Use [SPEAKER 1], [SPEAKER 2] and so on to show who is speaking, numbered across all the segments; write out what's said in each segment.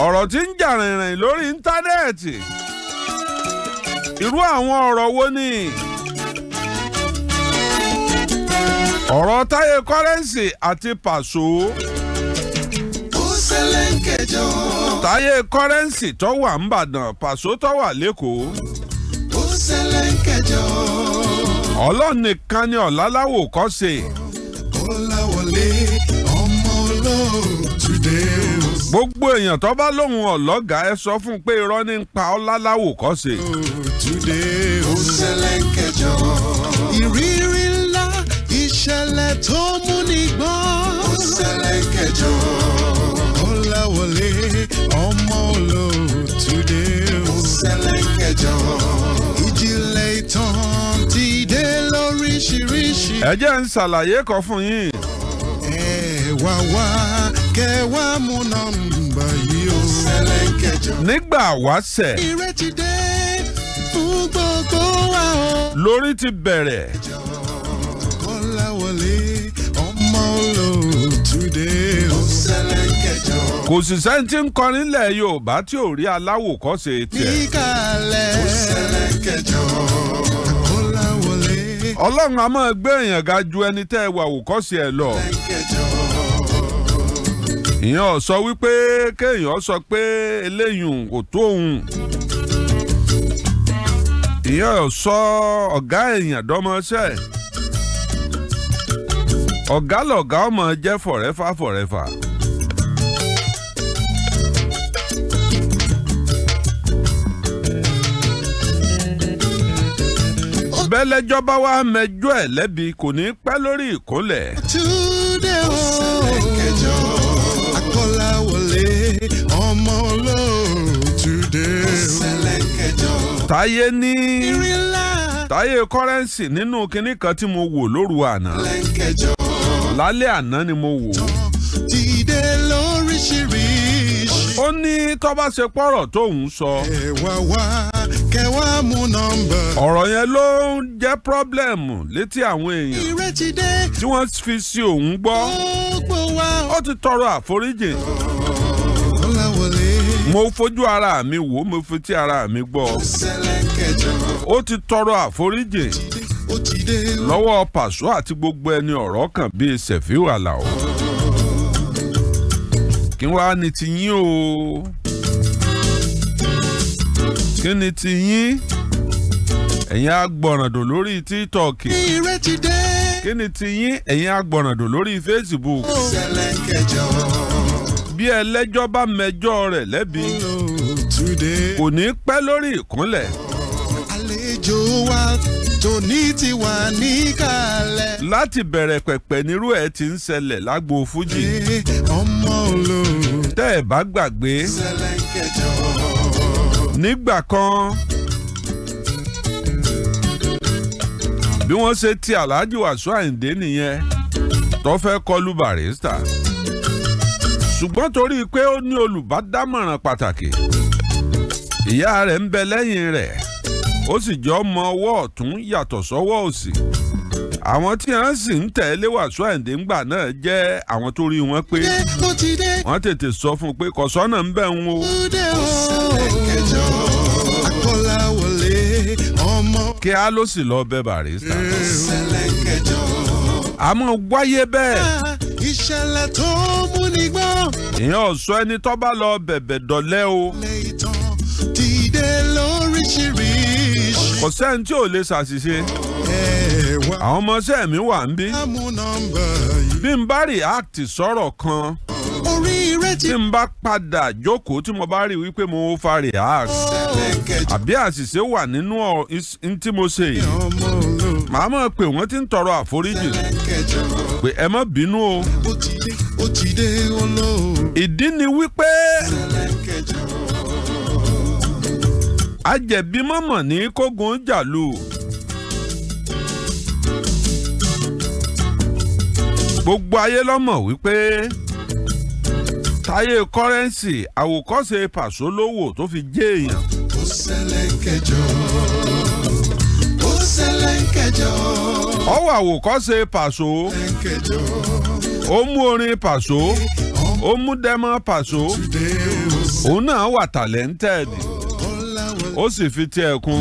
[SPEAKER 1] ọ̀rọ̀ tí ń jà rìnrìn lórí íńtánẹ́ẹ̀tì irú àwọn ọ̀rọ̀ wo ni ọ̀rọ̀ táyé kọ́rẹ́ǹsì àti pàṣọ. ó ṣẹlẹ̀ ń kẹjọ. táyé kọ́rẹ́ǹsì tó wà ń bàdàn pàṣọ tó wà lẹ́kọ̀ọ́. ó ṣẹlẹ̀ ni ọ̀làláwò kọ́ ṣe.
[SPEAKER 2] ó ọmọ
[SPEAKER 1] gbogbo èèyàn tó bá lóun ọ̀lọ́gà ẹ sọ fún un pé irọ́ ní ń pa ọ́ láláwò kọ́ ṣe.
[SPEAKER 2] ìrírí ńlá ìṣẹ̀lẹ̀ tó múni gbọ́n. ó ṣẹlẹ̀ kẹjọ. Kọ́láwọlé ọmọ Olótúndé. ó ṣẹlẹ̀ kẹjọ. ìjìnlẹ̀ ìtàn ti dé lóríṣiríṣi.
[SPEAKER 1] ẹ jẹ́ ń ṣàlàyé kan fún yín
[SPEAKER 2] wá wá kẹ́ wá mú nọ́mbà yìí o. ṣẹlẹ̀
[SPEAKER 1] kẹjọ. nígbà wáṣẹ̀.
[SPEAKER 2] ìrètí dé fún gbogbo
[SPEAKER 1] wa o. lórí ti bẹ̀rẹ̀. kò sì sẹ́ni tí ń kọrin ilẹ̀ Yorùbá tí ò rí aláwòkọ́ṣe tiẹ̀. níkàlẹ̀ ṣẹlẹ̀ kẹjọ ọlọ́run a máa gbé èèyàn ga ju ẹni tẹ́ ẹ wà òkọ́sí ẹ lọ ìyẹn ò sọ wípé kéèyàn sọ pé eléyìí kò tó òun ìyẹn ò sọ ọ̀gá èèyàn dọ́mọṣẹ́ ọ̀gá lọ̀gá ọmọ jẹ́ fọ̀rẹ́fà fọ̀rẹ́fà. bẹ́lẹ́jọ́ bá wá mẹjọ́ ẹ̀ lẹ́bi kò ní pẹ́ lórí ìkólẹ̀.
[SPEAKER 2] túnde kẹjọ́. Kọ́láwọlé ọmọ
[SPEAKER 1] olóòtúndé. ọ̀sẹ̀lẹ̀ kẹjọ. táyé ní. ìrìnlá. táyé kọ́rẹ́ǹsì nínú kinní kan tí mo wò lóru àná. lálẹ́ àná ni mo wò. ó ní tó bá ṣe pọ̀rọ̀ tóun sọ kẹwàá mú nọ́mbà. ọ̀rọ̀ yẹn ló ń jẹ́ pírọ́blẹ̀mù létí àwọn èèyàn. ìrètí dé. tí wọ́n fi sí òun gbọ́. ó ti tọrọ àforíjì. mo fojú ara mi wò mo fi tí ara mi gbọ́. ó ti tọrọ àforíjì. lọ́wọ́ pàṣọ àti gbogbo ẹni ọ̀rọ̀ kàn bíi Sefiu Alao. kí wàá ní ti yín o kí ni ti yín ẹ̀yin agbọ̀ràndò lórí tiktok kí ni ti yín ẹ̀yin agbọ̀ràndò lórí facebook bí ẹlẹ́jọ́ bá mẹjọ́ rẹ̀ lẹ́bi kò ní pẹ́ lórí ìkúnlẹ̀. àlejò wa tòní ti wà níkàlẹ̀. láti bẹ̀rẹ̀ pẹ̀pẹ̀ nírú ẹ̀ ti ń ṣẹlẹ̀ lágbo fújì. tẹ́ ẹ bá gbàgbé. sẹlẹ̀ kẹjọ. nígbà kan bí wọ́n ṣe ti Alhaji Wàsíù Àyìndé nìyẹn tó fẹ́ kọlu Barrister ṣùgbọ́n torí pé ó ní olùbádámọ̀ràn pàtàkì ìyá rẹ̀ ń bẹ lẹ́yìn rẹ̀ ó sì jọ mọ ọwọ́ ọ̀tún yàtọ̀ sọ́wọ́ òsì àwọn tí wọ́n sì ń tẹ̀lé Wàsíù Àyìndé ńgbà náà jẹ́ àwọn tó rí wọn pé wọ́n tètè sọ fún un pé kọ̀sọ́nà ń bẹ̀ ń wo. kíá ló sì lọ bẹ Barrister. ìṣẹ̀lẹ̀ kẹjọ. àmọ́ wáyé bẹ́ẹ̀.
[SPEAKER 2] ìṣẹ̀lẹ̀ tó múni gbọ́.
[SPEAKER 1] ìyẹn ọ̀sọ́ ẹni tó bá lọ bẹ̀bẹ̀ dọ̀lẹ́ o. lẹ́yìn tán dìde lóríṣiríṣi. kò sẹ́ni tí ò lè ṣàṣìṣe. àwọn ọmọọṣẹ́ mi wà ń bí. bí n bá react sọ̀rọ̀ kan. orí ti. tí n bá padà jókòó tí mo bá rí wípé mo fa react àbí àṣìṣe wà nínú ọ tí mo ṣe yìí màá mọ̀ pé wọ́n ti ń tọrọ àforíjì pé ẹ má bínú o ìdí ni wípé àjẹ̀bí mọ̀mọ̀ ní kógun jàlù. gbogbo ayé lọ́mọ̀ wípé táyé kọ́rẹ́ǹsì àwòkọ́ṣe pàṣẹ lówó tó fi jẹ́ èèyàn ṣẹlẹ̀ kẹjọ ó
[SPEAKER 2] ṣẹlẹ̀ kẹjọ.
[SPEAKER 1] ọwọ́ àwòkọ́ṣe pàṣọ ó mú orin pàṣọ ó mú dẹ́mọ́ pàṣọ òun náà wà talented ó sì fi tiẹ̀ kún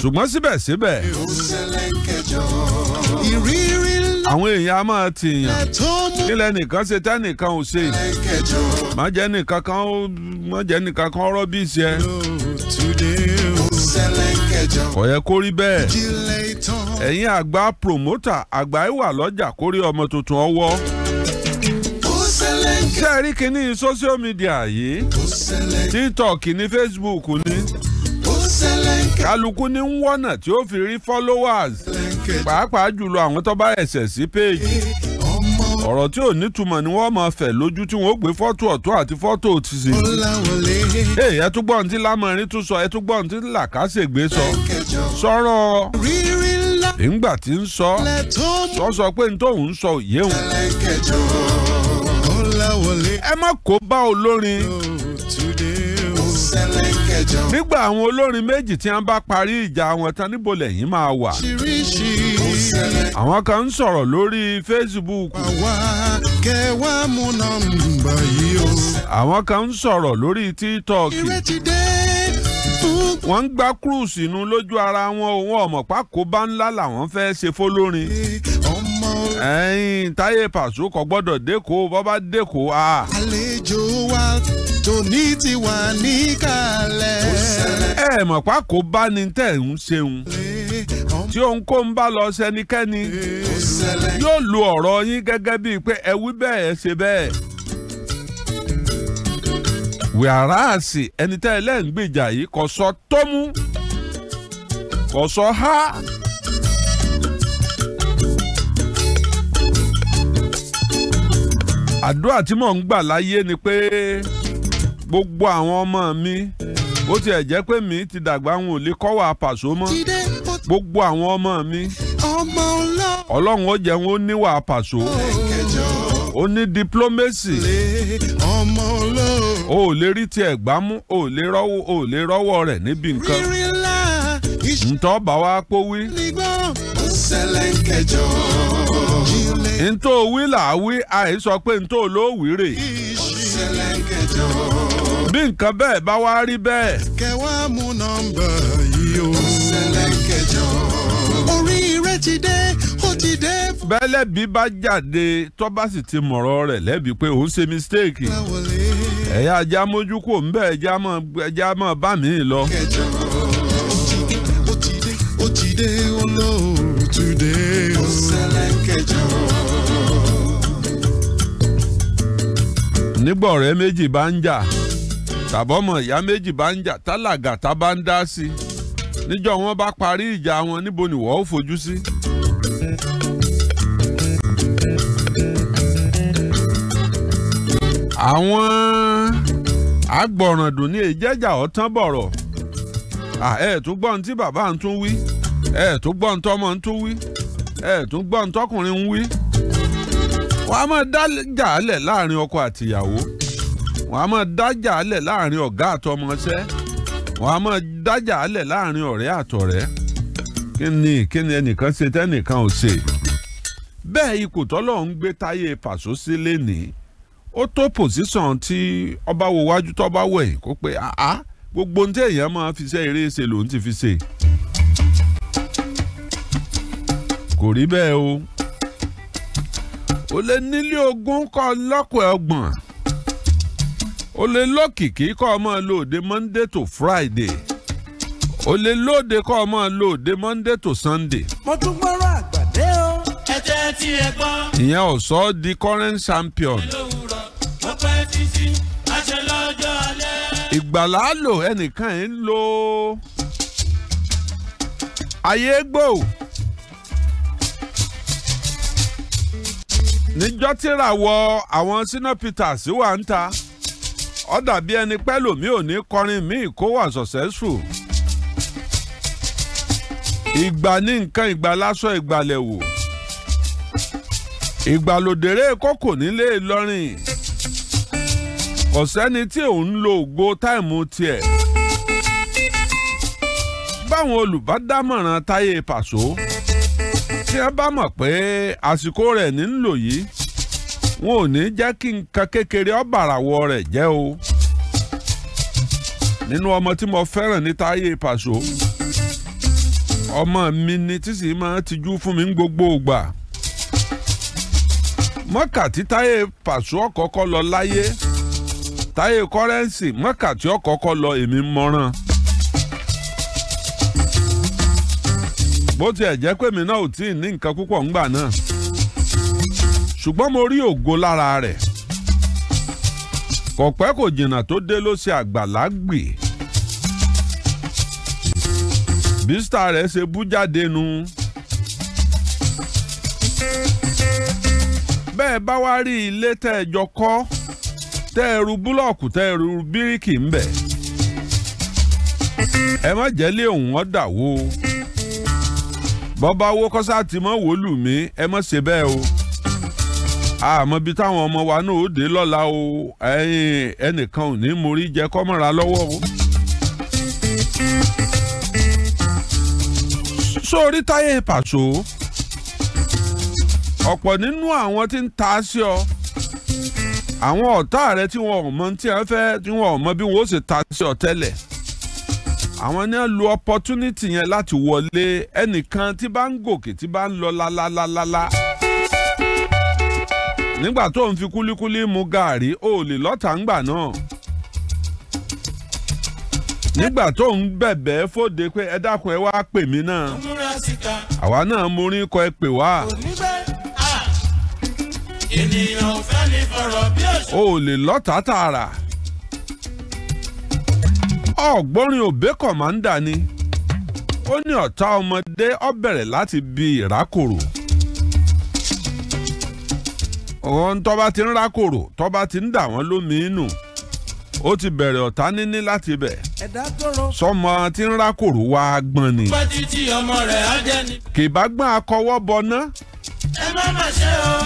[SPEAKER 1] ṣùgbọ́n síbẹ̀síbẹ̀ àwọn èèyàn a máa tìyàn nílẹ̀ nìkan ṣe tẹ́ ò ṣe má jẹ́ nìkan kan ó má jẹ́ nìkan kan ọ̀rọ̀ bí ìṣe ṣẹlẹ̀ kẹjọ. kò yẹ kó rí bẹ́ẹ̀ ẹ̀yin àgbà promoter àgbà ìwà lọ́jà kórí ọmọ tuntun ọwọ́ ṣe rí kíní social media yìí tiktok ní facebook ní kálukú ní wọ́nà tí ó fi rí followers pàápàá jùlọ àwọn tó bá ẹ̀sẹ̀ sí page ọ̀rọ̀ tí ò nítumọ̀ ni wọ́n máa fẹ̀ lójú tí wọ́n ó gbé fọ́tò ọ̀tún àti fọ́tò òtìsí. ee ẹ tún gbọ́n tí lámọ̀rin tún sọ ẹ tún gbọ́n tí làkàṣègbè sọ sọ̀rọ̀ nígbà tí ń sọ sọ sọ pé nítòhún ń sọ òye òun. ẹ má kó bá olórin nígbà àwọn olórin méjì tí wọ́n bá parí ìjà wọn tán níbo lẹ́yìn máa wà. àwọn kan ń sọ̀rọ̀ lórí Facebook. àwọn kan ń sọ̀rọ̀ lórí TikTok wọ́n ń gbá cruise inú lójú ara wọn òun ọ̀mọ̀pá kó ńlá làwọn fẹ́ ṣe fólórin. ẹ̀yin táyé pàṣẹ kò gbọ́dọ̀ dẹ́kọ̀ọ́ bọ́ dẹ́kọ̀ọ́ a. àlejò tòní ti wà níkàlẹ̀. ẹ mọ̀ pa kó bá ní tẹ̀ ń ṣeun tí ohun kó ń bá lọ sẹ́nikẹ́ni yóò lu ọ̀rọ̀ yín gẹ́gẹ́ bíi pé ẹ wí bẹ́ẹ̀ ẹ ṣe bẹ́ẹ̀. wíáràsì ẹni tẹ́ ẹ lẹ́yìn gbèjà yìí kò sọ tómú kò sọ há. àdúrà tí mò ń gbà láyé ni pé. gbogbo àwọn ọmọ mi bó tiẹ̀ jẹ́ pé mi ti dàgbà ń ò lè kọ́wà pàṣọ mọ́ gbogbo àwọn ọmọ mi ọlọ́run ó jẹ́ wọn ó níwà pàṣọ ó ní diplomacy o ò lè rí tiẹ̀ gbámú o ò lè rọ́wọ́ o ò lè rọ́wọ́ rẹ̀ níbi nǹkan ntọ́ bá wa pọ̀ wí ntọ́ wí là á wí àìsọ pé ntọ́ ló wí rè mẹ́jọ. bí nǹkan bẹ́ẹ̀ bá wá rí bẹ́ẹ̀.
[SPEAKER 2] kẹwàá mú nọ́mbà yìí o. ṣẹlẹ̀ kẹjọ. oríire ti dé
[SPEAKER 1] ó ti dé. bẹ́lẹ̀ bí bá jáde tó bá sì ti mọ̀rọ̀ rẹ̀ lẹ́bi pé òun ṣe mistake. ẹ̀yà ajá mójú kò ń bẹ́ẹ̀ ẹja mọ̀ bá mi lọ. kẹjọ ti dé ó ti dé ó lóòótú dé ó ṣẹlẹ̀ kẹjọ. nígbà ọ̀rẹ́ méjì bá ń jà tàbọ́mọ̀ ìyá méjì bá ń jà tálàgà tá bá ń dá sí i níjọ́ wọn bá parí ìjà wọn níbo ni wọ́n ó fojú sí. àwọn agbọ̀ràndùn ní ìjẹ́jà ọ̀tán bọ̀rọ̀ ẹ̀ tún gbọ́n tí bàbá ń tún wí ẹ̀ tún gbọ́n tọ́mọ ń tún wí ẹ̀ tún gbọ́n tọkùnrin ń wí wọ́n á máa dá jàálẹ̀ láàrin ọkọ àtìyàwó wọ́n á máa dá jàálẹ̀ láàrin ọ̀gá àtọmọṣẹ́ wọ́n á máa dá jàálẹ̀ láàrin ọ̀rẹ́ àtọ̀rẹ́ kí ni kí ni ẹnìkan ṣe tẹ́nìkan ò ṣe bẹ́ẹ̀ ikò tọ́lọ̀ ń gbé táyé pàṣọ sí lénìí ó tó pòsíṣàn tí ọba wo wájú tọ́ba wẹ̀ kó pé àá gbogbo ohun tí èèyàn máa fi ṣe eré ṣe lòun ti fi ṣe kò rí bẹ́ẹ̀ o o lè nílé ogún kọ́ lọ́kọ̀ ọgbọ̀n o lè lókìkí kọ́ ọ máa lo òde monday to friday o lè lóde kọ́ ọ máa lo òde monday to sunday.
[SPEAKER 2] mo tún gbọ́rọ̀ àgbàdé o. ẹ jẹ́ tí gbọ́.
[SPEAKER 1] ìyẹn ò sọ ọ́ di current champion. ẹ lówùrọ̀ mo ìgbàlá lò ẹnìkan ń lo ayé gbòò. níjọ́ tíra wọ àwọn sínú peters wà ń ta ó dàbí ẹni pẹ́ lòmí ò ní kọrin míì kó wà successful. ìgbà ní nǹkan ìgbà lásọ ìgbàlẹ̀ wò ìgbàlódéré kókò nílé lọ́rìn kò sẹ́ni tí òun lo ògo táìmù tiẹ̀ báwọn olùbádámọ̀ràn táyé pàṣọ. tí a bá mọ̀ pé àsìkò rẹ̀ ní ń lò yìí wọn ò ní jẹ́ kí nǹkan kékeré ọ̀bàràwọ̀ rẹ̀ jẹ́ o nínú ọmọ tí mo fẹ́ràn ní Táyé Pàṣọ ọmọ mi ni tí sì máa jú fún mi gbogbo ìgbà mọ́kà tí Táyé Pàṣọ ọ̀kọ́kọ́ lọ láyé Táyé mọ́kà tí ọ̀kọ́kọ́ bó tiẹ̀ jẹ́ pé mi náà ò tí ì ní nǹkan púpọ̀ gbà náà ṣùgbọ́n mo rí ògo lára rẹ̀ kò pẹ́ kò jìnnà tó dé ló ṣe àgbàlá gbè bísítà rẹ̀ ṣe bú jáde nu bẹ́ẹ̀ bá wá rí ilé tẹ́ ẹ jọ kọ́ tẹ́ bọ́bá owó kọ́sá ti mọ́ wò lù mí ẹ mọ́ ṣe bẹ́ẹ̀ o àmọ́ bí táwọn ọmọ wa náà ó dé lọ́la o ẹnìkan ò ní morí jẹ kọ́mọ́ra lọ́wọ́ o. sórí táyé pàṣọ ọ̀pọ̀ nínú àwọn tí ń ta sí ọ àwọn ọ̀tá rẹ tí wọn ò mọ tí wọn fẹ́ tí wọn ò mọ bí wọn ó sì ta sí ọ tẹ́lẹ̀ àwọn ní lu opportunity yẹn láti wọlé ẹnìkan tí bá ń gòkè tí bá ń lọ lálálálálá. nígbà tó ń fi kúlíkúlí mu gàárì ó lè lọ́tà ńgbà náà. nígbà tó ń bẹ̀bẹ̀ fòde pé ẹ dákun ẹ wá pè mí náà. àwa náà mo rí kọ ẹ pè wá. ènìyàn ò fẹ́ ní fọ̀rọ̀ bí òṣù. ó lè lọ́tà tààrà ọ̀gbọ́nrin òbẹ́ kọ̀mándà ni ó ní ọ̀tá ọmọdé ó bẹ̀rẹ̀ láti bi ìrákòrò òun tó bá ti ń rákòrò tó ti ń dà wọ́n lómi inú ó ti bẹ̀rẹ̀ ọ̀tá níní láti bẹ̀ sọmọ tí ń rákòrò wá gbọ́n ni kì bá gbọ́n akọwọ́ bọná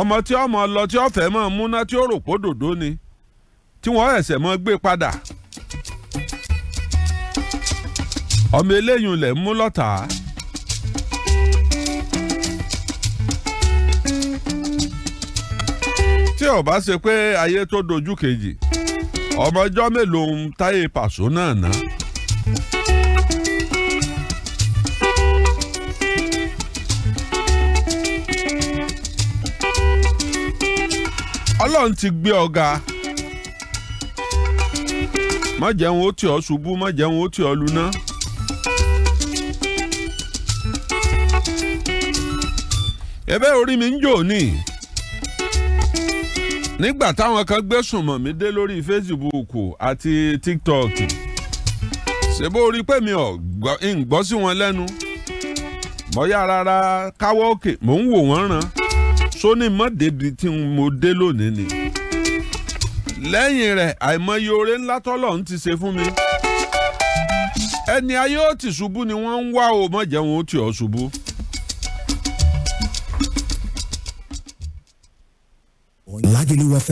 [SPEAKER 1] ọmọ tí ọmọ lọ tí ọ̀fẹ́ mọ̀ múná tí ó rò pó dòdó ni tí wọ́n ẹ̀sẹ̀ mọ́ gbé padà. ọmọ eléyìí lẹ̀ ń mú lọ́tà. tí ò bá ṣe pé ayé tó dojú kejì ọmọ ọjọ́ mélòó ń táyé pàṣọ náà ná. ọlọ́run ti gbé ọ̀gá má jẹun ó tì ọ́ ṣubú má jẹun ó tì ọ́ luná. Ebe orí mi ń jò ní nígbà táwọn kan gbẹ̀sùn mọ̀ mí dé lórí Facebook àti TikTok ṣe bó rí pé mi ò ń gbọ́ sí wọn lẹ́nu mọ́yá rárá káwọ́ òkè mò ń wò wọ́n ràn sóní mọ́débi tí mo dé lónìí ni lẹ́yìn rẹ̀ àìmọye oore ńlá tọ́lọ̀ ń ti ṣe fún mi ẹni ayé ó ti ṣubú ni wọ́n ń wá o mọ̀jẹ̀ wọn ó tì ọ́ ṣubú. العدل وفاء